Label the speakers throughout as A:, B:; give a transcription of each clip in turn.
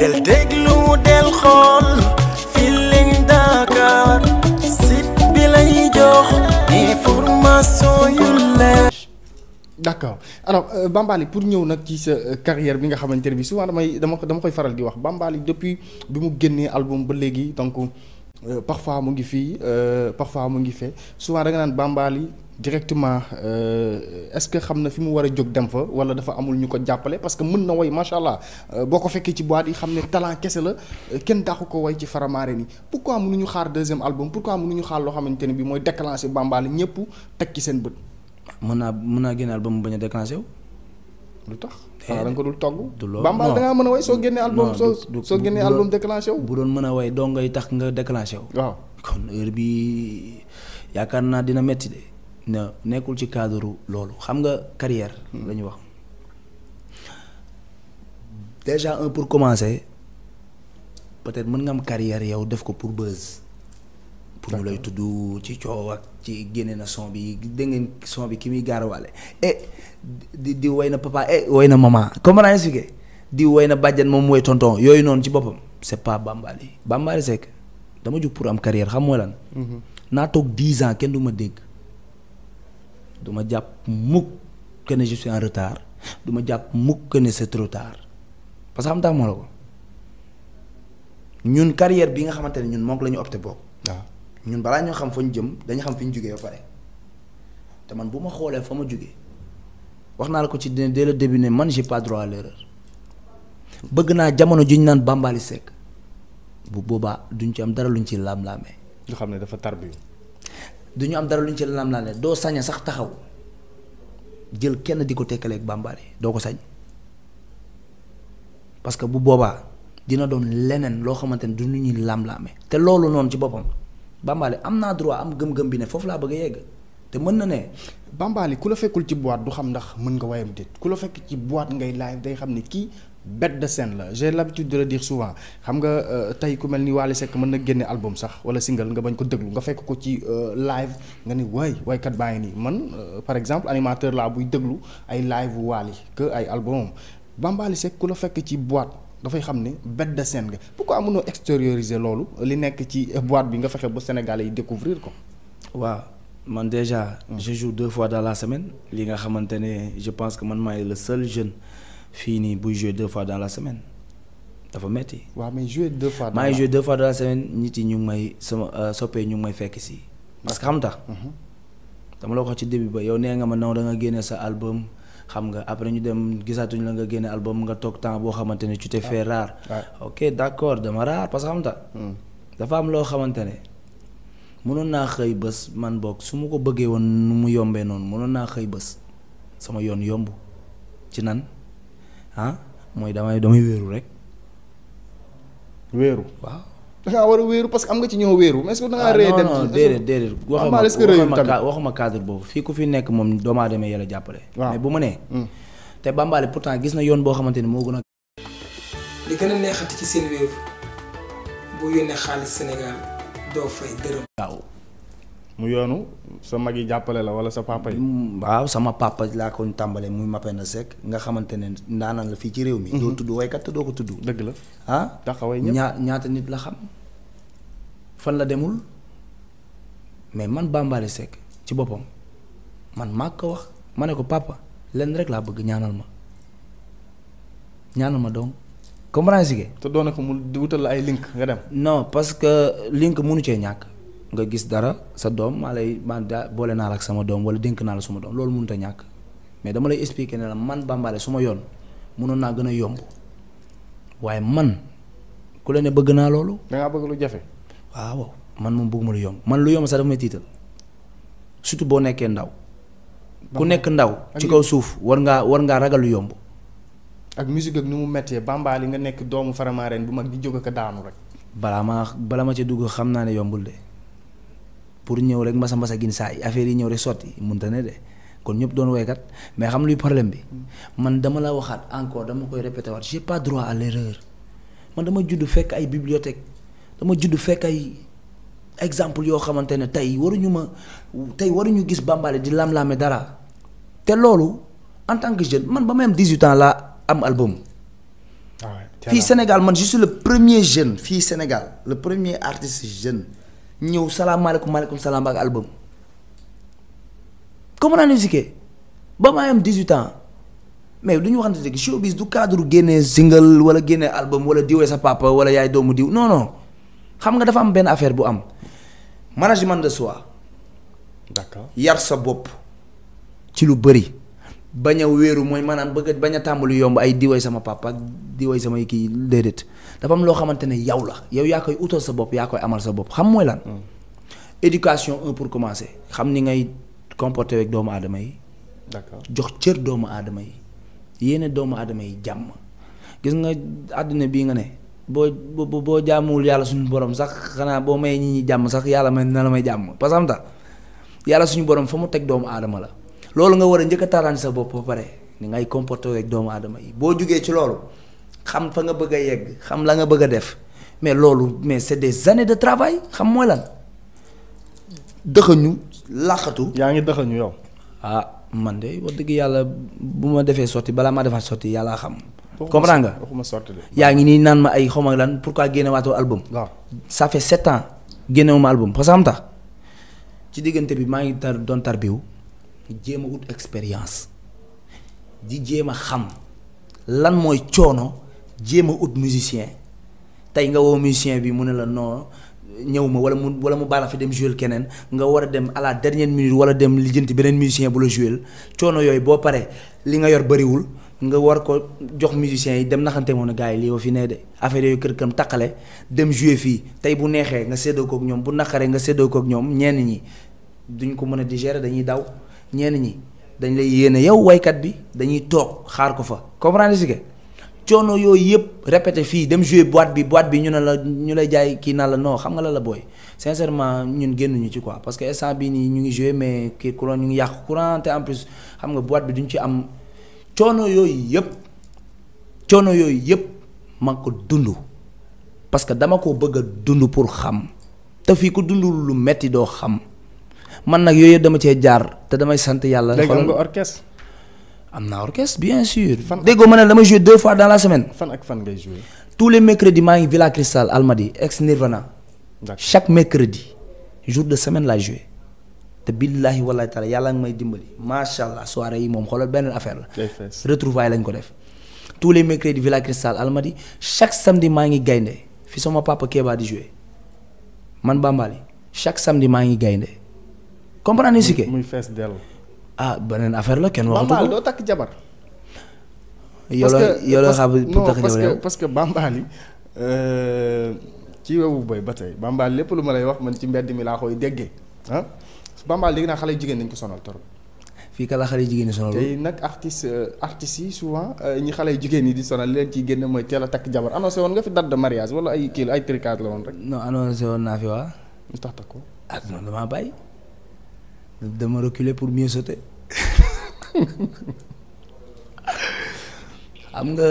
A: del déglu del xool Feeling Dakar site bi lay jox information yu leer. d' accord alors euh, pour ñëw nag ci sa euh, carrière bi nga xamante ne bi souvent damay dama dama koy faral di wax Bambaly depuis bi mu génnee album ba léegi donc euh, parfois mu ngi fii euh, parfois mu ngi fee souvent da naan Bambaly directement euh, est-ce que xam na fi mu war a jóg dem fa wala dafa amul ñu ko jàppale parce que mën na woy macha allah euh, boo ko fekkee ci boîte yi xam ne talent kese la euh, kenn daaxu ko woy ci faramaare ni pourquoi mënuñu xaar deuxième album pourquoi mënuñu xaar loo xamante ne bi mooy déclencher Bambaali ñëpp teg ci seen bët.
B: mën naa mën naa génne album bañ a déclencher wu. lu tax eh, xanaa da nga ko dul togg. du loolu Bambaali da ngaa mën a
A: woy soo génnee album soo soo génnee album
B: déclenché wu. bu doon mën a woy doo ngay tax nga déclenché wu. waaw kon heure bi yaakaar naa dina metti na nekkul ci cadre loolu xam nga carrière hmm. la ñu wax déjà un pour commencer peut-être mën nga am carrière yow def ko pour bës pour ñu lay tudd ci coow ci génne na son bi dégg son bi ki muy gaarawaale eh di di woy na papa eh woy na maman comment naa expliqué di woy na bàjjan moom mooy tonton yooyu noonu ci boppam c'est pas Bambaly Bambaly Seck dama jug pour am carrière xam mooy lan. Mm-hmm. naa toog dix ans kenn du dégg. du ma jàpp mukk que ne je retard du ma jàpp mukk que ne c'est trop parce que xam tax moo la ko ñun carrière bi nga xamante ne ñun moom la ñu opté boobu. waaw ah. ñun balaa ñoo xam fa ñu jëm dañu xam fi ñu jugee ba pare te man bu ma xoolee fa ma jugee wax naa la ko ci dès le début ne man j'ai pas droit à bëgg naa jamono ju ñu naan bambali sek bu boobaa duñ ci am dara luñ ci laam-laamee. nga xam ne dafa tarbiyu du ñu am dara lu ñu ci lam laale doo sañ sax taxaw jël kenn di ko tekkaleek bàmbaale doo ko sañ parce que bu boobaa dina doon leneen loo xamante ne du nu ñuy lam te loolu noonu ci boppam bàmbaale am naa droit am gëm-gëm bi ne foofu laa bëgg a yegg te mën na ne.
A: bàmbaali ku la fekkul ci boîte du xam ndax mën nga wayam déet ku la fekk ci boîte ngay laay day xam ne kii bête de scène la j'ai l'habitude de le dire souvent xam nga euh, tey ku mel ni Wally Seck mën na génne album sax wala single nga bañ ko déglu nga fekk ko ci euh, live nga ni waay waykat baa ngi nii man euh, par exemple animateur laa buy déglu ay live Wally que ay album Bambaali Seck ku la fekk ci boîte dafay xam ni bête de scène nga pourquoi mënoo extérioriser loolu li nekk ci boîte bi nga fexe ba sénégal yi découvrir ko
B: waaw man déjà hmm. je jour deux fois dans la semaine li nga xamante ne je pense que man maay le seul jeune fii nii buy jouer deux fois dans la semaine dafa metti
A: waaw mais jouer deux fois. maa ngi jouer deux
B: fois dans la semaine nit yi ñu may sama euh, soppee ñu ngi may fekk si. parce que xam mhm. dama loo ko wax ci début ba yow nee nga ma naw da génne sa album xam nga après ñu dem gisaatuñu la nga génne album nga toog temps boo xamante ne tu t'es ah. fait rare. ok d'accord dama rare parce que xam hmm. dafa am loo xamante ne mënoon naa xëy bés man boog su ma ko bëggee woon nu mu yombee noonu mënoon naa xëy bës sama yoon yomb ci ah mooy damay damay wéeru rek. wéeru waaw. da war a wéeru parce que am nga ci ñëw
A: wéeru mais est-ce que da ah, dem déedéet ah, waxuma
B: waxuma boobu fii ku fi nekk moom doomu aadama a jàppale. waaw mais bu ma nee. Hmm. te Bambaale pourtant gis na yoon boo xamante ni moo gën a. li gën a neexati ci seen wéeru bu yónnee xaalis Sénégal doo fay dërëm. waaw. mu yoonu sa mag yi jàppale la wala sa papa yi. Mm, waaw sama papa laa ko tàmbalee muy na Seck nga xamante ne ndaanaan la fii ci réew mi. Mm-hmm. doo tudd waykat te doo ko tudd. dëgg la ah. taxaway ñëpp ñaa ñaata nit la xam fan la demul mais man Bambaly Seck ci boppam man maa ko wax ma ne ko papa lenn rek laa bëgg ñaanal ma ñaanal ma donc. comprendre te doon na ko mu wutal la ay link nga dem. non parce que link mënu cee ñàkk. nga gis dara sa doom maa lay maa daa boole naa la ak sama doom wala dénk naa la suma doom loolu mënut a ñàkk mais dama lay expliquer ne la man Bambaly su ma yoon mënoon naa gën a yomb waaye man ku la ne bëgg naa loolu. bëgg lu jafe. waaw man moom bëgguma lu yomb man lu yomb sax dafa may tiital surtout boo nekkee ndaw. ku nekk ndaw ci kaw suuf war ngaa war ngaa ragal lu yomb. ak musique ak ni mu méttee
A: Bambaly nga nekk doomu Faramareen bu mag di jóg ak daanu rek.
B: balaa maa balaa ma ci dugg xam naa ne yombul de. pour ñëw rek mbasa mbasa gin saa affaire yi ñëw rek sotti mënta ne de kon ñëpp doon woykat mais xam luy problème bi man dama la waxaat encore dama koy répété waat j'ai pas droit à l'erreur man dama judd fekk ay bibliothèque dama judd fekk exemple yoo xamante ne tey waruñu ma tey waruñu gis bambale di lam-laame dara te loolu en tant que jeune man ba ma am 18 ans laa am ah Sénégal man je suis premier jeune fii Sénégal le premier artiste jeune ñëw salaamaaleykum maaleykum salaam ak album. comme naa musique ba maay am 18 ans mais lu ñu wax waxante dëgg showbiz du cadre génne single wala génne album wala diwee sa papa wala yaay doomu diw non xam nga dafa am benn affaire bu am management de soi. d'accord yar sa bopp ci lu bari bañ a wéeru mooy maanaam bëgg bañ a tàmbali yomb ay diwoy sama papa ak diwoy samay kii déedéet dafa am loo xamante ne yow la yow yaa koy utal sa bopp yaa koy amal sa bopp xam mooy lan. Hmm. éducation un pour commencer xam ni ngay comporter doomu aadama yi. d'accord jox cër doomu aadama yi yéene doomu aadama yi jàmm. gis nga àddina bii nga ne boo boo boo jàmmuwul yàlla suñu borom sax xanaa boo may ñi ñi jàmm sax yàlla may na la may jàmm parce que xam nga yàlla suñu borom fa teg doomu aadama la. loolu nga war a njëkk a taaraan sa bopp ba pare ni ngay comporté ak doomu aadama yi boo jugee ci loolu xam fa nga bëgg a yegg xam la nga bëgg a def mais loolu mais c'est des années de travail xam mooy lan dëxañu làqatu. yaa ngi dëxañu yow. ah man de wax dëgg yàlla bu ma defee sotti balaa ma defaat sotti yàlla xam. comprends nga yaa ngi nii naan ma ay xaw ma lan pourquoi génnewaatoo album. waaw ça fait sept ans génnewuma album parce que xam ci diggante bi maa ngi tar doon tarbiw jéem a ut expérience di jéem a xam lan mooy coono jéem ut musicien tey nga woo musicien bi mu ne la non ñëw ma wala mu wala mu baala fi dem jouer keneen nga war a dem à la dernière minute wala dem lijjanti beneen musicien bu la jouer coono yooyu boo paree li nga yor bëriwul nga war ko jox musiciens yi dem naxante moom ne gars yi lii fi ne de affaire yooyu kër kam taqale dem jouer fii tey bu neexee nga séddoo kook ñoom bu naqaree nga séddoo kook ñoom ñenn ñi duñ ko mën a digérer dañuy daw ñeen ñi dañ lay yéene yow waykat bi dañuy toog xaar ko fa comprendre coono yooyu yëpp répété fii dem jouer boîte bi boîte bi ñu ne la ñu lay jaay kii naa la non xam nga la la booy sincèrement ñun génnuñu ci quoi parce que instant bii nii ñu ngi jouer mais kii courant ñu ngi yàq courant te en plus xam nga boîte bi duñu ci am coono yooyu yëpp coono yooyu yëpp ma ko dund parce que dama ko bëgg a dund pour xam te fii ku dundu lu metti doo xam. man nag yooyu dama cee jaar te damay sant yàlla. xoolal nga
A: orchestre. naa orchestre bien sûr. fan déggoo ma ne dama jouer
B: deux fois dans la semaine. fan
A: ak fan ngay jouer.
B: tous les mercredis maa ngi Villa Cristal Almadi ex Nirvana. chaque mercredi jour de semaine laa jouer te billahi wallahi taala yàlla nga may dimbali macha allah soirée yi moom xoolal benn affaire la. retrouvaille lañ ko def. tous les mercredis Villa Cristal Almadi chaque samedi maa ngi gaynde fi sama papa Kéba di jouer man Bambali chaque samedi maa ngi gaynde comprendre ni si kay muy fees dell ah beneen affaire la kenn waxatu ko doo takk jabar. parce que yow loo xam pour takk
A: jabar euh, ci wewu boy ba tey bambaali lépp lu ma lay wax man ci mbedd mi laa koy déggee ah bambaali léegi naa xale jigéen nañ ko sonal trop.
B: fii ka la xale jigéen ñi sonal tey
A: nag artiste euh, artistes yi souvent euh, ñi xale jigéen ñi di sonal leen ciy génn mooy teel a takk jabar woon nga fi date de mariage wala ay kii ay tricage la rek.
B: non woon naa fi waa. lu tax takk ko ah non damaa bàyyi. dama reculer pour mieux sauter xam nga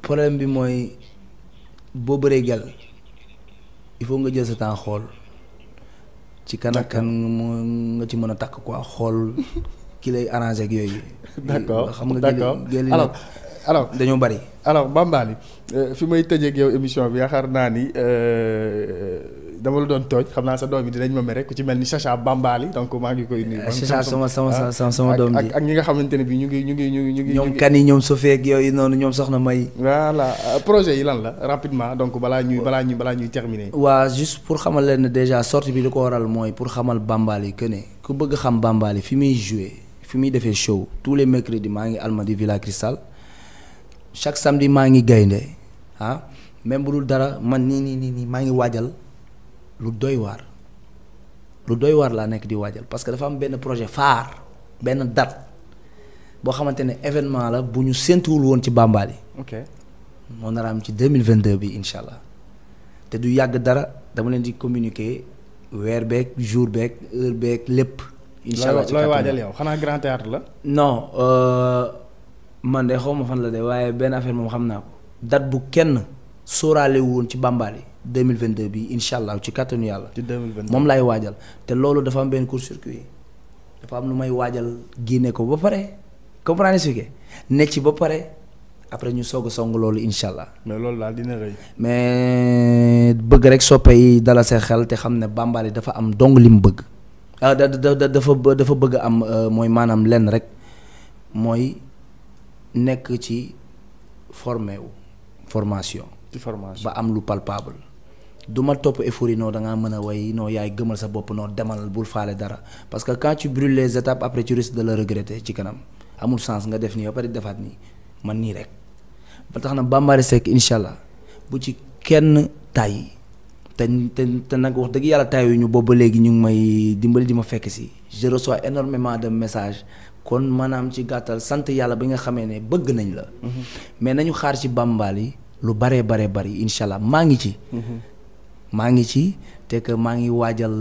B: problème bi mooy boo bëree gel il faut nga jël sa temps xool ci kan ak nga ci mën a takk quoi xool ki lay arrangé ak yooyu. d'accord xam nga gel alors alors dañoo bari. alors
A: Bambaly euh, fi may tëjee yow émission bi yaakaar naa ni. Euh, dama la doon tooj xam naa sa doom yi dinañ ma mere ku ci mel ni Chacha Bambali donc maa ngi koy nuyu. Eh, Chacha sama sama
B: sama doom ji ak
A: ñi nga xamante ne bi ñu ngi ñu ngi ñu ngi. ñoom kan yi
B: ñoom Sofie ak yooyu noonu ñoom soxna May. voilà
A: euh, projet yi lan la rapidement donc balaa ñuy balaa ñuy balaa ñuy terminer.
B: waa juste pour xamal leen ne déjà sortie bi li ko waral mooy pour xamal Bambali que ne ku bëgg xam Bambali fi muy joué fi muy defee show tous les mercredis maa ngi Almadies Villa Cristal chaque samedi maa ngi gaynde ah même bu dara man nii nii nii nii maa ngi waajal lu doy waar lu doy waar laa nekk di waajal parce que dafa am benn projet phare benn date boo xamante ne événement la bu ñu séntuwul woon ci Bambali. ok moo am ci deux mille vingt deux bi incha allah te du yàgg dara dama leen di communiquer weer beeg jour beeg heure lépp. incha allah looy waajal yow xanaa grand théâtre la. non euh, man de xaw ma fan waaye benn affaire moom xam naa ko date bu kenn sóoraale woon ci yi 2022 bi incha allah ci kàttanu yàlla. ci 2022 moom laay waajal te loolu dafa am benn court circuit dafa am lu may waajal génne ko ba pare comprendre expliqué nekk ci ba pare après ñu soog a song loolu incha allah. mais loolu daal dina mais bëgg rek soppe yi dala seen xel te xam ne Bambaly dafa am dong li mu bëgg. ah da dafa bëgg am euh, mooy maanaam lenn rek mooy nekk ci formé wu formation. ci formation ba am lu palpable. du ma topp effort non da ngaa mën a way non yaay gëmal sa bopp non demal bul faale dara parce que quand tu brûles les étapes après tu risques de le regretter ci kanam amul sens nga def nii ba pare defaat nii man nii rek ba tax na Bambara Seck incha allah bu ci kenn tàyyi te te te nag wax dëgg yàlla tàyyi ñu boobu ba léegi ñu ngi may dimbali di ma fekk si je reçois énormément de message kon maanaam ci gàttal sant yàlla bi nga xamee ne bëgg nañ la. Mhm. mais nañu xaar ci bambal yi lu baree baree bari incha allah maa ngi ci. Mhm. maa ngi ci te que maa ngi waajal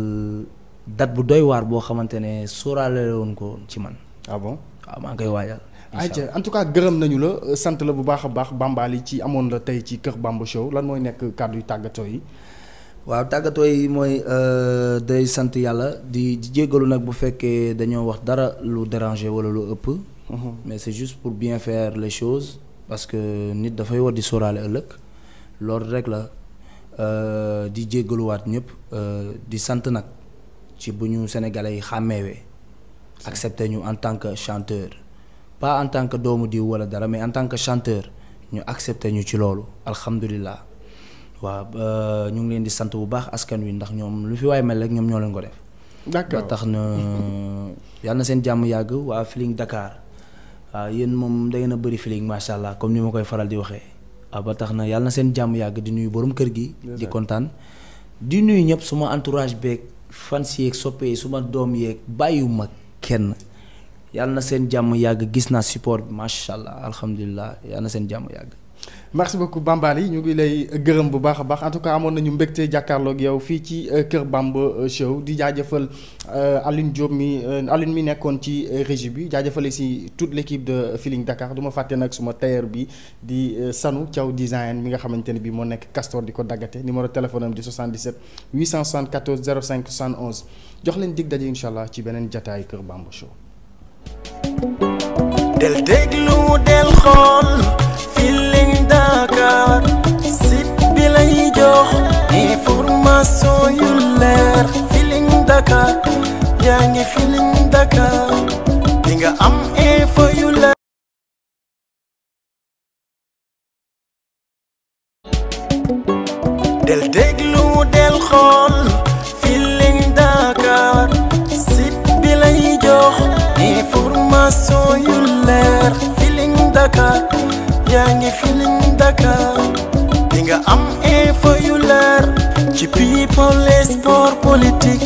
B: date bu doy waar boo xamante ne sóoraale woon ko ci man. ah bon waaw ah, maa ngi koy waajal. ayca ah, en tout cas gërëm nañu la sant la bu baax a baax Bambaly ci amoon la tey ci Kër Bamba Show lan mooy nekk kàddu yu tàggatoo yi. waaw tàggatoo yi mooy euh, day sant yàlla di jéggalu nag bu fekkee dañoo wax dara lu déranger wala lu ëpp. Mhm. mais c'est juste pour bien fair le choses parce que nit dafay war di sóoraale ëllëg loolu rek la. Euh, di jéggaluwaat ñëpp euh, di sant nag ci bu ñu sénégalais yi xàmmeewee accepté ñu en tant que chanteur pas en tant que doomu diw wala dara mais en tant que chanteur ñu accepté ñu ci loolu alhamdulilah waaw euh, ñu ngi leen di sant bu baax askan wi ndax ñoom lu fi waay mel rek ñoom ñoo leen ko def. d'accord tax na yàlla seen jàmm yàgg waa Feeling Dakar waaw yéen moom da ngeen a bëri feeling macha allah comme ni ma koy faral di waxee. Ah, ba tax na yàlla na seen jàmm yàgg di nuyu borom kër gi. di kontaan di nuyu ñëpp suma entourage beeg fans yeeg soppe yi suma doom yeeg bàyyiwuma kenn yàlla na seen jàmm yàgg gis naa support bi macha allah alhamdulilah yàlla na seen jàmm yàgg. merci
A: beaucoup Bambaly ñu ngi lay gërëm bu baax a baax en tout cas amoon nañu mbégte jàkkaarloog yow fii ci euh, Kër Bamba euh, Show di jaajëfal euh, Alioune Diop mi Alioune mi nekkoon ci régie bi jaajëfale si toute l' équipe de Feeling Dakar du ma fàtte nag suma tailleur bi di Sanu Thiaw design mi nga xamante ne bii moo nekk Castor di ko daggate numéro téléphone am di 77 874 05 jox leen dig daje incha allah ci beneen jataay Kër Bamba Show.
B: Dakar yaa ngi Feeling Dakar di nga am info yu la del déglu del xool
A: Feeling Dakar site bi lay jox yaa ngi Feeling Dakar di am info yu leer ci people et sport politique